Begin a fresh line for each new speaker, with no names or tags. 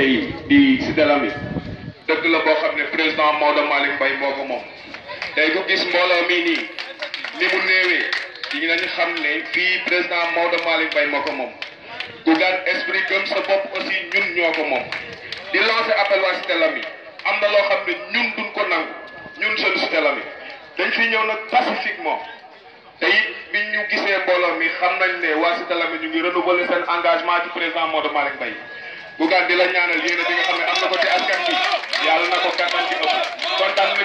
yi di si dalami
dëgg la boo xam ne président Maodo Malick Mbaye moo ko moom tey ku gis mbooloo mii nii ni mu néewee di nañu xam ne fii président Maodo Malick Mbaye moo ko moom ku gaan esprit gëm sa bopp aussi ñun ñoo ko moom di lancer appel waa si dalami am na loo xam ne ñun duñ ko nangu ñun seen si dalami dañ fi ñëw nag pacifiquement tey bi ñu gisee mbooloo mi xam nañ ne waa si dalami ñu ngi renouveler seen engagement ci président Maodo Malick Bougane di la ñaanal yéene bi nga xam ne am na ko ci askan bi yàlla na ko kattan ci ëpp kontaan